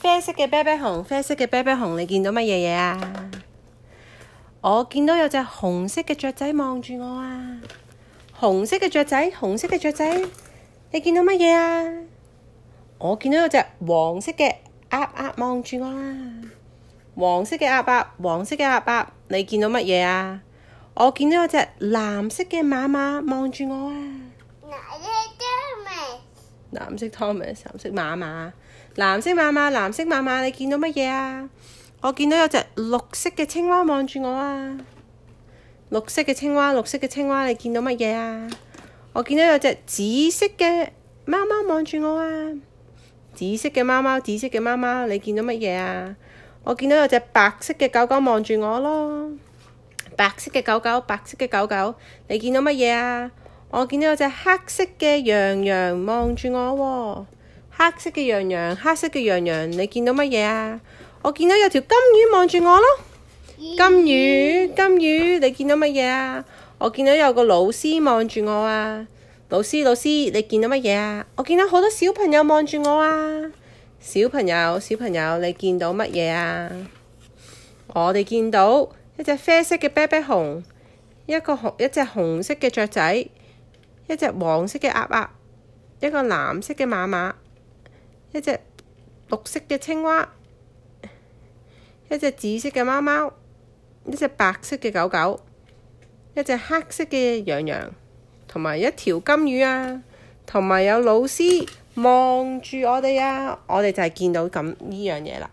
啡色嘅啤啤熊，啡色嘅啤啤熊，你見到乜嘢嘢啊？我見到有隻紅色嘅雀仔望住我啊！紅色嘅雀仔，紅色嘅雀仔，你見到乜嘢啊？我見到有隻黃色嘅鴨鴨望住我啊！黃色嘅鴨鴨，黃色嘅鴨鴨，你見到乜嘢啊？我見到有隻藍色嘅馬馬望住我啊！藍色 Thomas，藍色馬馬，藍色馬馬，藍色馬馬，你見到乜嘢啊？我見到有隻綠色嘅青蛙望住我啊！綠色嘅青蛙，綠色嘅青蛙，你見到乜嘢啊？我見到有隻紫色嘅貓貓望住我啊！紫色嘅貓貓，紫色嘅貓貓，你見到乜嘢啊？我見到有隻白色嘅狗狗望住我咯！白色嘅狗狗，白色嘅狗狗，你見到乜嘢啊？我見到有隻黑色嘅羊羊望住我，哦，黑色嘅羊羊，黑色嘅羊羊，你見到乜嘢啊？我見到有條金魚望住我咯，金魚金魚，你見到乜嘢啊？我見到有個老師望住我啊，老師老師，你見到乜嘢啊？我見到好多小朋友望住我啊，小朋友小朋友，你見到乜嘢啊？我哋見到一隻啡色嘅啤啤熊，一個紅一隻紅色嘅雀仔。一隻黃色嘅鴨鴨，一個藍色嘅馬馬，一隻綠色嘅青蛙，一隻紫色嘅貓貓，一隻白色嘅狗狗，一隻黑色嘅羊羊，同埋一條金魚啊，同埋有，有老師望住我哋啊，我哋就係見到咁呢樣嘢啦。